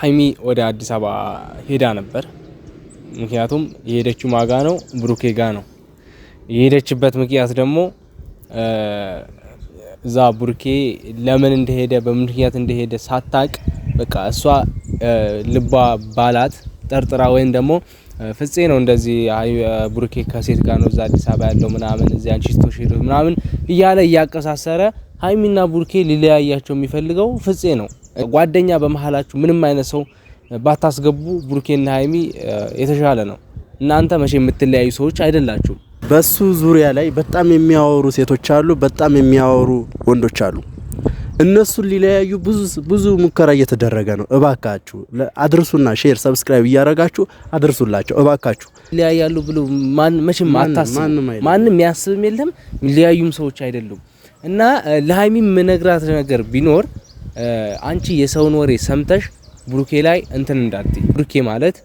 ሀይሚ ወደ አዲስ አበባ ሄዳ ነበር። ምክንያቱም የሄደችው ማጋ ነው ብሩኬ ጋ ነው የሄደችበት ምክንያት ደግሞ እዛ ብሩኬ ለምን እንደሄደ በምን እንደሄደ ሳታቅ በቃ እሷ ልቧ ባላት ጠርጥራ ወይም ደግሞ ፍፄ ነው እንደዚህ ብሩኬ ከሴት ጋር ነው እዛ አዲስ አበባ ያለው ምናምን እዚ አንቺ ስቶሽ ሄዶ ምናምን እያለ እያቀሳሰረ ሀይሚና ብሩኬ ሊለያያቸው የሚፈልገው ፍፄ ነው። ጓደኛ በመሀላችሁ ምንም አይነት ሰው ባታስገቡ ብሩኬና ሀይሚ የተሻለ ነው። እናንተ መቼ የምትለያዩ ሰዎች አይደላችሁም። በሱ ዙሪያ ላይ በጣም የሚያወሩ ሴቶች አሉ፣ በጣም የሚያወሩ ወንዶች አሉ። እነሱን ሊለያዩ ብዙ ብዙ ሙከራ እየተደረገ ነው። እባካችሁ አድርሱና ሼር፣ ሰብስክራይብ እያደረጋችሁ አድርሱላቸው እባካችሁ። ሊለያያሉ ብሎ ማን መቼም አታስብ፣ ማንም ያስብም የለም። ሊለያዩም ሰዎች አይደሉም እና ለሀይሚ ምነግራት ነገር ቢኖር አንቺ የሰውን ወሬ ሰምተሽ ብሩኬ ላይ እንትን እንዳትይ። ብሩኬ ማለት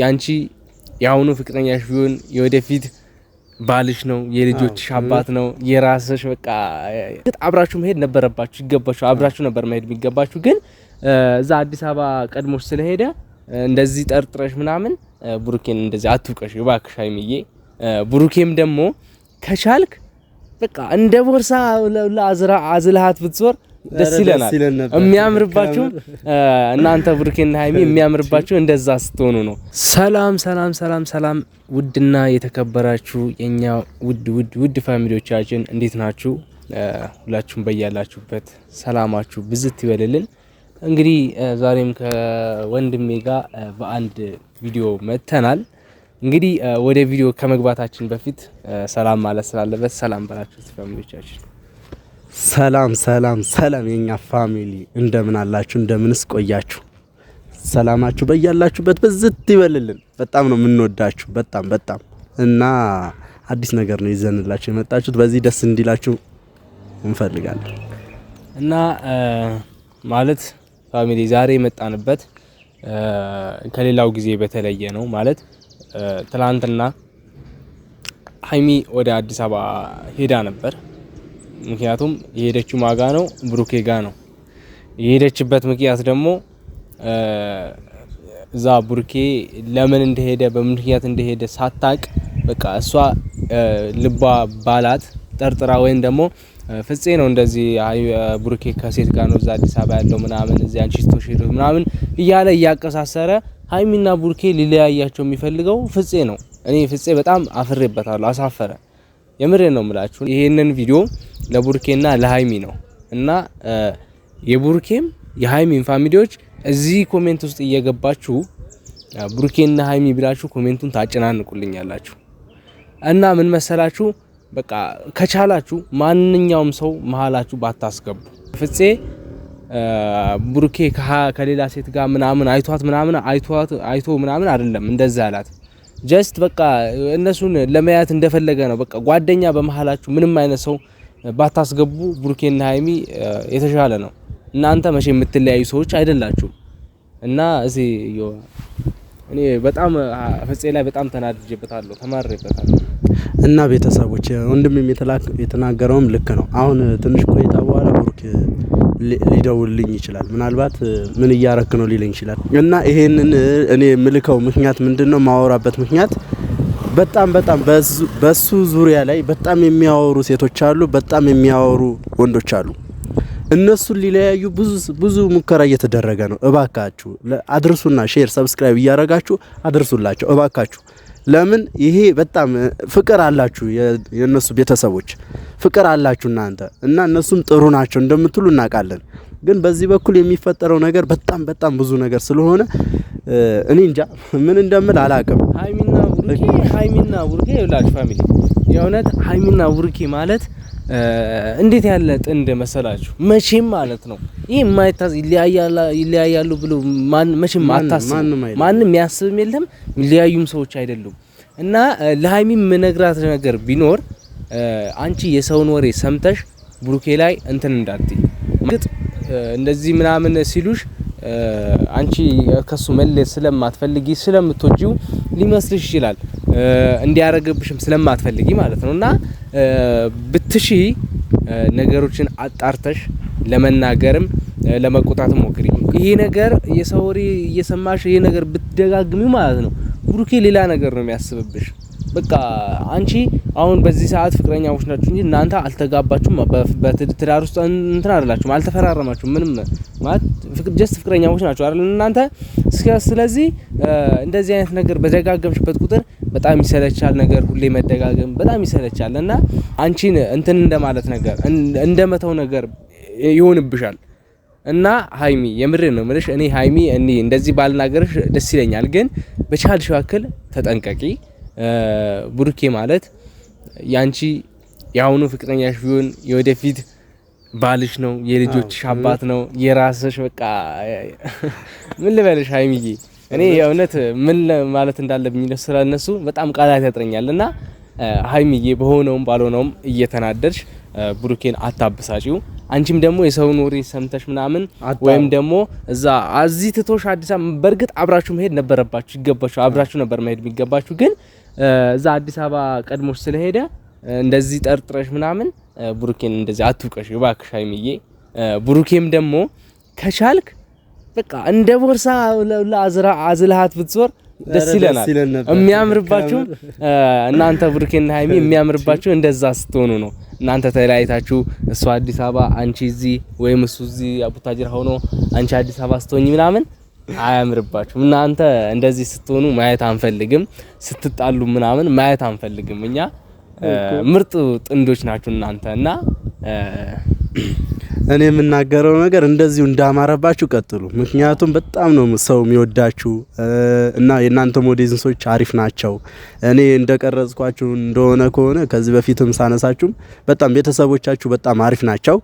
ያንቺ የአሁኑ ፍቅረኛሽ ቢሆን የወደፊት ባልሽ ነው፣ የልጆችሽ አባት ነው፣ የራስሽ በቃ አብራችሁ መሄድ ነበረባችሁ፣ ይገባችሁ፣ አብራችሁ ነበር መሄድ የሚገባችሁ። ግን እዛ አዲስ አበባ ቀድሞች ስለሄደ እንደዚህ ጠርጥረሽ ምናምን ብሩኬን እንደዚህ አትውቀሽ እባክሽ ሀይሚዬ። ብሩኬም ደግሞ ከቻልክ በቃ እንደ ቦርሳ አዝልሃት ብትዞር ደስ ይለናል። የሚያምርባችሁ እናንተ ብሩኬና ሀይሚ የሚያምርባችሁ እንደዛ ስትሆኑ ነው። ሰላም ሰላም ሰላም ሰላም። ውድና የተከበራችሁ የኛ ውድ ውድ ውድ ፋሚሊዎቻችን እንዴት ናችሁ? ሁላችሁም በያላችሁበት ሰላማችሁ ብዝት ይበልልን። እንግዲህ ዛሬም ከወንድሜ ጋር በአንድ ቪዲዮ መጥተናል። እንግዲህ ወደ ቪዲዮ ከመግባታችን በፊት ሰላም ማለት ስላለበት ሰላም በላችሁ ፋሚሊዎቻችን ሰላም ሰላም ሰላም የኛ ፋሚሊ እንደምን አላችሁ? እንደምንስ ቆያችሁ? ሰላማችሁ በያላችሁበት ብዝት ይበልልን። በጣም ነው የምንወዳችሁ በጣም በጣም እና አዲስ ነገር ነው ይዘንላችሁ የመጣችሁት። በዚህ ደስ እንዲላችሁ እንፈልጋለን እና ማለት ፋሚሊ ዛሬ የመጣንበት ከሌላው ጊዜ በተለየ ነው ማለት ትላንትና ሀይሚ ወደ አዲስ አበባ ሄዳ ነበር ምክንያቱም የሄደችው ማጋ ነው ብሩኬ ጋ ነው። የሄደችበት ምክንያት ደግሞ እዛ ብሩኬ ለምን እንደሄደ በምን ምክንያት እንደሄደ ሳታቅ በቃ እሷ ልባ ባላት ጠርጥራ ወይም ደግሞ ፍፄ ነው እንደዚህ ብሩኬ ከሴት ጋር ነው እዛ አዲስ አበባ ያለው ምናምን እዚ አንቺ ስትወሽድ ምናምን እያለ እያቀሳሰረ ሀይሚና ብሩኬ ሊለያያቸው የሚፈልገው ፍፄ ነው። እኔ ፍጼ በጣም አፍሬበታለሁ። አሳፈረ። የምሬ ነው የምላችሁ ይሄንን ቪዲዮ ለቡርኬና ለሀይሚ ነው እና የቡርኬም የሃይሚን ፋሚሊዎች እዚህ ኮሜንት ውስጥ እየገባችሁ ቡርኬና ሀይሚ ብላችሁ ኮሜንቱን ታጨናንቁልኛላችሁ እና ምን መሰላችሁ፣ በቃ ከቻላችሁ ማንኛውም ሰው መሀላችሁ ባታስገቡ። ፍፄ ቡርኬ ከሌላ ሴት ጋር ምናምን አይቷት ምናምን አይቶ ምናምን አይደለም እንደዛ አላት። ጀስት በቃ እነሱን ለመያት እንደፈለገ ነው። በቃ ጓደኛ በመሀላችሁ ምንም አይነት ሰው ባታስገቡ ብሩኬና ሀይሚ የተሻለ ነው። እናንተ መቼ የምትለያዩ ሰዎች አይደላችሁም። እና እዚህ እኔ በጣም ፍፄ ላይ በጣም ተናድጄበታለሁ፣ ተማሬበታለሁ። እና ቤተሰቦች ወንድሜም የተናገረውም ልክ ነው። አሁን ትንሽ ቆይታ በኋላ ብሩክ ሊደውልልኝ ይችላል። ምናልባት ምን እያረክ ነው ሊለኝ ይችላል። እና ይሄንን እኔ የምልከው ምክንያት ምንድን ነው፣ ማወራበት ምክንያት በጣም በጣም በሱ ዙሪያ ላይ በጣም የሚያወሩ ሴቶች አሉ፣ በጣም የሚያወሩ ወንዶች አሉ። እነሱን ሊለያዩ ብዙ ብዙ ሙከራ እየተደረገ ነው። እባካችሁ አድርሱና ሼር፣ ሰብስክራይብ እያደረጋችሁ አድርሱላቸው እባካችሁ። ለምን ይሄ በጣም ፍቅር አላችሁ፣ የእነሱ ቤተሰቦች ፍቅር አላችሁ እናንተ እና እነሱም ጥሩ ናቸው እንደምትሉ እናውቃለን። ግን በዚህ በኩል የሚፈጠረው ነገር በጣም በጣም ብዙ ነገር ስለሆነ እኔ እንጃ ምን እንደምል አላውቅም። ብሩኬ ሀይሚና ብሩኬ ይላችሁ ፋሚሊ የእውነት ሀይሚና ብሩኬ ማለት እንዴት ያለ ጥንድ መሰላችሁ? መቼም ማለት ነው ይህ የማይታዝ ይለያያሉ ብሎ መቼም አታስብ፣ ማንም ያስብም የለም የሚለያዩም ሰዎች አይደሉም። እና ለሀይሚ ምነግራት ነገር ቢኖር አንቺ የሰውን ወሬ ሰምተሽ ብሩኬ ላይ እንትን እንዳትይ እንደዚህ ምናምን ሲሉሽ አንቺ ከሱ መለየት ስለማትፈልጊ ስለምትወጂው ሊመስልሽ ይችላል እንዲያረገብሽም ስለማትፈልጊ ማለት ነው። እና ብትሺ ነገሮችን አጣርተሽ ለመናገርም ለመቆጣት ሞክሪ። ይሄ ነገር የሰው ወሬ እየሰማሽ ይሄ ነገር ብትደጋግሚው ማለት ነው ብሩኬ ሌላ ነገር ነው የሚያስብብሽ። በቃ አንቺ አሁን በዚህ ሰዓት ፍቅረኛሞች ናችሁ እንጂ እናንተ አልተጋባችሁም፣ በትዳር ውስጥ እንትን አይደላችሁም፣ አልተፈራረማችሁም ምንም ጀስት ፍቅረኛሞች ናቸው አይደል እናንተ። ስለዚህ እንደዚህ አይነት ነገር በደጋገምሽበት ቁጥር በጣም ይሰለቻል ነገር ሁሌ መደጋገም በጣም ይሰለቻል እና አንቺን እንትን እንደማለት ነገር እንደመተው ነገር ይሆንብሻል። እና ሀይሚ የምሬ ነው ምልሽ። እኔ ሀይሚ እኔ እንደዚህ ባልናገርሽ ደስ ይለኛል፣ ግን በቻልሽ ያክል ተጠንቀቂ። ቡርኬ ማለት ያንቺ የአሁኑ ፍቅረኛሽ ቢሆን የወደፊት ባልሽ ነው፣ የልጆችሽ አባት ነው፣ የራስሽ በቃ ምን ልበልሽ ሀይሚዬ፣ እኔ የእውነት ምን ማለት እንዳለብኝ እነሱ በጣም ቃላት ያጥረኛል። እና ሀይሚዬ በሆነውም ባልሆነውም እየተናደድሽ ብሩኬን አታበሳጪው። አንቺም ደግሞ የሰውን ወሬ ሰምተሽ ምናምን ወይም ደግሞ እዛ እዚህ ትቶሽ አዲስ አበባ በእርግጥ አብራችሁ መሄድ ነበረባችሁ፣ ይገባችሁ፣ አብራችሁ ነበር መሄድ የሚገባችሁ። ግን እዛ አዲስ አበባ ቀድሞች ስለሄደ እንደዚህ ጠርጥረሽ ምናምን ብሩኬን እንደዚህ አትውቀሽ እባክሽ ሀይሚዬ። ብሩኬም ደግሞ ከቻልክ በቃ እንደ ቦርሳ አዝልሃት ብትዞር ደስ ይለናል። የሚያምርባችሁ እናንተ ብሩኬና ሀይሚ የሚያምርባችሁ እንደዛ ስትሆኑ ነው። እናንተ ተለያይታችሁ እሱ አዲስ አበባ አንቺ እዚህ ወይም እሱ እዚህ አቡታጅራ ሆኖ አንቺ አዲስ አበባ ስትሆኝ ምናምን አያምርባችሁም። እናንተ እንደዚህ ስትሆኑ ማየት አንፈልግም። ስትጣሉ ምናምን ማየት አንፈልግም እኛ ምርጥ ጥንዶች ናችሁ እናንተ እና እኔ የምናገረው ነገር እንደዚሁ እንዳማረባችሁ ቀጥሉ። ምክንያቱም በጣም ነው ሰው የሚወዳችሁ እና የእናንተ ሞዴዝንሶች አሪፍ ናቸው። እኔ እንደቀረጽኳችሁ እንደሆነ ከሆነ ከዚህ በፊትም ሳነሳችሁም በጣም ቤተሰቦቻችሁ በጣም አሪፍ ናቸው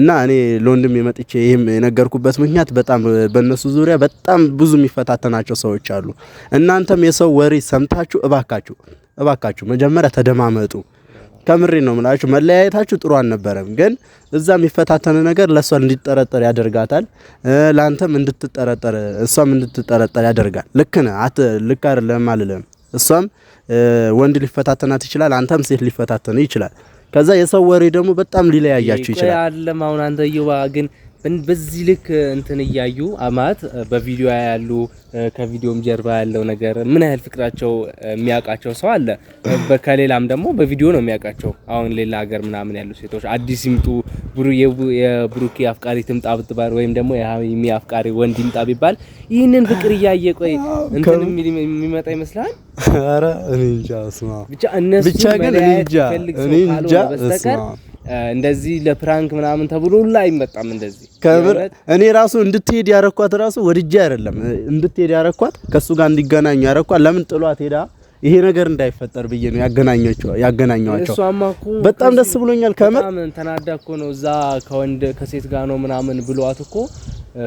እና እኔ ለወንድም የመጥቼ ይህም የነገርኩበት ምክንያት በጣም በእነሱ ዙሪያ በጣም ብዙ የሚፈታተናቸው ሰዎች አሉ። እናንተም የሰው ወሬ ሰምታችሁ እባካችሁ እባካችሁ መጀመሪያ ተደማመጡ። ከምሬ ነው ምላችሁ። መለያየታችሁ ጥሩ አልነበረም፣ ግን እዛ የሚፈታተን ነገር ለእሷ እንዲጠረጠር ያደርጋታል፣ ለአንተም እንድትጠረጠር እሷም እንድትጠረጠር ያደርጋል። ልክ ነህ፣ አት ልክ አይደለም አልልም። እሷም ወንድ ሊፈታተናት ይችላል፣ አንተም ሴት ሊፈታተን ይችላል። ከዛ የሰው ወሬ ደግሞ በጣም ሊለያያችሁ ይችላል። አለም አሁን አንተ ግን በዚህ ልክ እንትን እያዩ አማት በቪዲዮ ያሉ ከቪዲዮም ጀርባ ያለው ነገር ምን ያህል ፍቅራቸው የሚያውቃቸው ሰው አለ። ከሌላም ደግሞ በቪዲዮ ነው የሚያውቃቸው። አሁን ሌላ ሀገር ምናምን ያሉ ሴቶች አዲስ ይምጡ የብሩኪ አፍቃሪ ትምጣ ብትባል ወይም ደግሞ የሀሚ አፍቃሪ ወንድ ይምጣ ቢባል ይህንን ፍቅር እያየ ቆይ እንትን የሚመጣ ይመስላል። ኧረ እኔ እንጃ። ብቻ እነሱ መለያየት ፈልግ ሰው ካልሆነ በስተቀር እንደዚህ ለፕራንክ ምናምን ተብሎ ሁላ አይመጣም። እንደዚህ ከብር እኔ ራሱ እንድትሄድ ያረኳት ራሱ ወድጄ አይደለም እንድትሄድ ያረኳት ከሱ ጋር እንዲገናኙ ያረኳት። ለምን ጥሏት ሄዳ ይሄ ነገር እንዳይፈጠር ብዬ ነው ያገናኘቸው ያገናኘዋቸው። በጣም ደስ ብሎኛል። ከመር ተናዳ እኮ ነው እዛ ከወንድ ከሴት ጋር ነው ምናምን ብሏት እኮ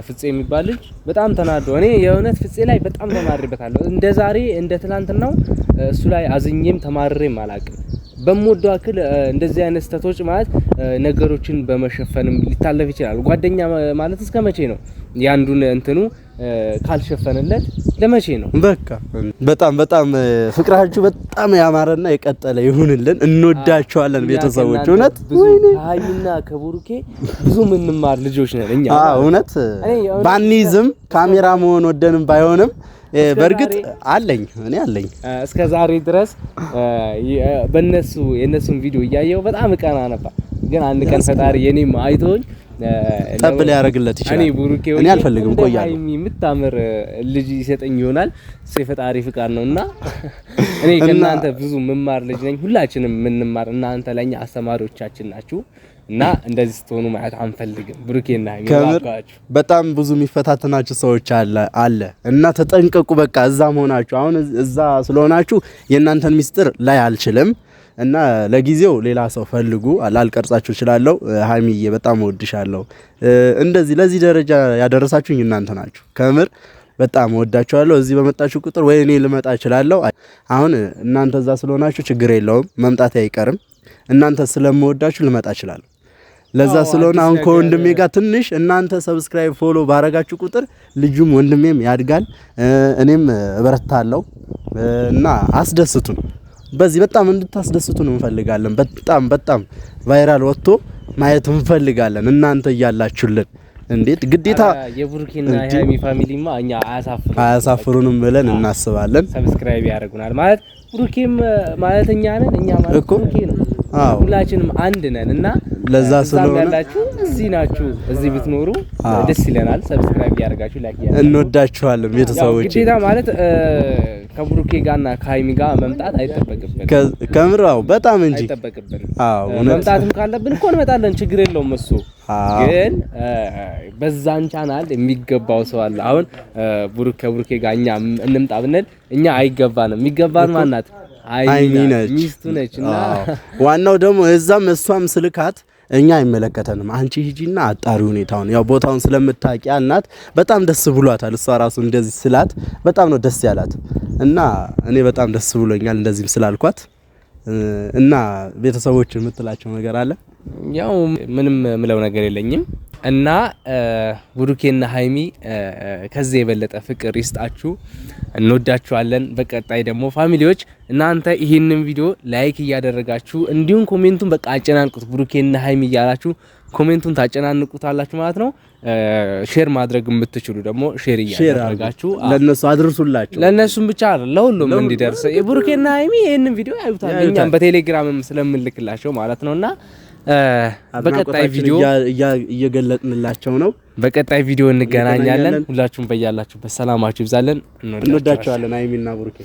ፍጼ የሚባል ልጅ በጣም ተናዶ፣ እኔ የእውነት ፍጼ ላይ በጣም ተማሬበታለሁ። እንደ ዛሬ እንደ ትላንትናው እሱ ላይ አዝኜም ተማሬም አላቅም። በምወደው አክል እንደዚህ አይነት ስህተቶች ማለት ነገሮችን በመሸፈንም ሊታለፍ ይችላል። ጓደኛ ማለት እስከ መቼ ነው? ያንዱን እንትኑ ካልሸፈንለት ለመቼ ነው? በቃ በጣም በጣም ፍቅራችሁ በጣም ያማረና የቀጠለ ይሁንልን። እንወዳቸዋለን ቤተሰቦች። እውነት ከሀይሚና ከቡሩኬ ብዙ ምንማር ልጆች ነን እኛ እውነት ባኒዝም ካሜራ መሆን ወደንም ባይሆንም በእርግጥ አለኝ እኔ አለኝ እስከ ዛሬ ድረስ በእነሱ የእነሱን ቪዲዮ እያየው በጣም እቀና ነበር። ግን አንድ ቀን ፈጣሪ የኔም አይቶኝ ጠብ ሊያደርግለት ይችላል። እኔ አልፈልግም። ቆያለሁ የምታምር ልጅ ይሰጠኝ ይሆናል። የፈጣሪ ፍቃድ ነው እና እኔ ከእናንተ ብዙ ምማር ልጅ ነኝ። ሁላችንም የምንማር እናንተ ለእኛ አስተማሪዎቻችን ናችሁ። እና እንደዚህ ስትሆኑ ማለት አንፈልግም። ብሩኬና በጣም ብዙ የሚፈታተናችሁ ሰዎች አለ አለ እና ተጠንቀቁ። በቃ እዛ መሆናችሁ አሁን እዛ ስለሆናችሁ የእናንተን ሚስጥር ላይ አልችልም እና ለጊዜው ሌላ ሰው ፈልጉ ላልቀርጻችሁ እችላለሁ። ሀይሚዬ በጣም ወድሻለሁ። እንደዚህ ለዚህ ደረጃ ያደረሳችሁኝ እናንተ ናችሁ። ከምር በጣም ወዳችኋለሁ። እዚህ በመጣችሁ ቁጥር ወይ እኔ ልመጣ እችላለሁ። አሁን እናንተ እዛ ስለሆናችሁ ችግር የለውም መምጣት አይቀርም። እናንተ ስለምወዳችሁ ልመጣ እችላለሁ። ለዛ ስለሆነ አሁን ከወንድሜ ጋር ትንሽ እናንተ ሰብስክራይብ ፎሎ ባረጋችሁ ቁጥር ልጁም ወንድሜም ያድጋል፣ እኔም እበረታለሁ እና አስደስቱን። በዚህ በጣም እንድታስደስቱን እንፈልጋለን። በጣም በጣም ቫይራል ወጥቶ ማየት እንፈልጋለን። እናንተ እያላችሁልን እንዴት ግዴታ የቡርኪና ሃሚ ፋሚሊማ እኛ አያሳፍሩንም ብለን እናስባለን። ሰብስክራይብ ያደርጉናል ማለት ቡርኪም ማለት እኛ ነን። እኛ ማለት ቡርኪ ነው። ሁላችንም አንድ ነን እና ለዛ ስለሆነ ያላችሁ እዚህ ናችሁ፣ እዚህ ብትኖሩ ደስ ይለናል። ሰብስክራይብ ያደርጋችሁ ላይክ ያደርጋችሁ እንወዳችኋለን። ቤተሰቦች ግዴታ ማለት ከብሩኬ ጋርና ከሀይሚ ጋር መምጣት አይጠበቅብን፣ ከምር አዎ፣ በጣም እንጂ አይጠበቅብን። መምጣትም ካለብን እኮ እንመጣለን፣ ችግር የለውም እሱ ግን በዛን ቻናል የሚገባው ሰው አለ። አሁን ብሩክ ከብሩኬ ጋር እኛ እንምጣ ብንል እኛ አይገባንም። የሚገባን ማናት አይሚ ነች ሚስቱ ነች። እና ዋናው ደግሞ እዛም እሷም ስልካት እኛ አይመለከተንም። አንቺ ሂጂና አጣሪ ሁኔታውን ያው ቦታውን ስለምታውቂያ እናት በጣም ደስ ብሏታል። እሷ ራሱ እንደዚህ ስላት በጣም ነው ደስ ያላት እና እኔ በጣም ደስ ብሎኛል እንደዚህም ስላልኳት እና ቤተሰቦች የምትላቸው ነገር አለ? ያው ምንም ምለው ነገር የለኝም እና ቡሩኬና ሀይሚ ከዚህ የበለጠ ፍቅር ይስጣችሁ። እንወዳችኋለን። በቀጣይ ደግሞ ፋሚሊዎች እናንተ ይህንን ቪዲዮ ላይክ እያደረጋችሁ እንዲሁም ኮሜንቱን በቃ አጨናንቁት። ቡሩኬና ሀይሚ እያላችሁ ኮሜንቱን ታጨናንቁታላችሁ ማለት ነው። ሼር ማድረግ የምትችሉ ደግሞ ሼር እያደረጋችሁ ለነሱ አድርሱላችሁ። ለነሱም ብቻ አይደል ለሁሉም እንዲደርስ ብሩኬና ሀይሚ ይህንን ቪዲዮ ያዩታል። እኛም በቴሌግራምም ስለምንልክላቸው ማለት ነውና በቀጣይ ቪዲዮ እየገለጥንላቸው ነው። በቀጣይ ቪዲዮ እንገናኛለን። ሁላችሁም በያላችሁበት ሰላማችሁ ይብዛለን። እንወዳችኋለን። አይሚና ቡርኬ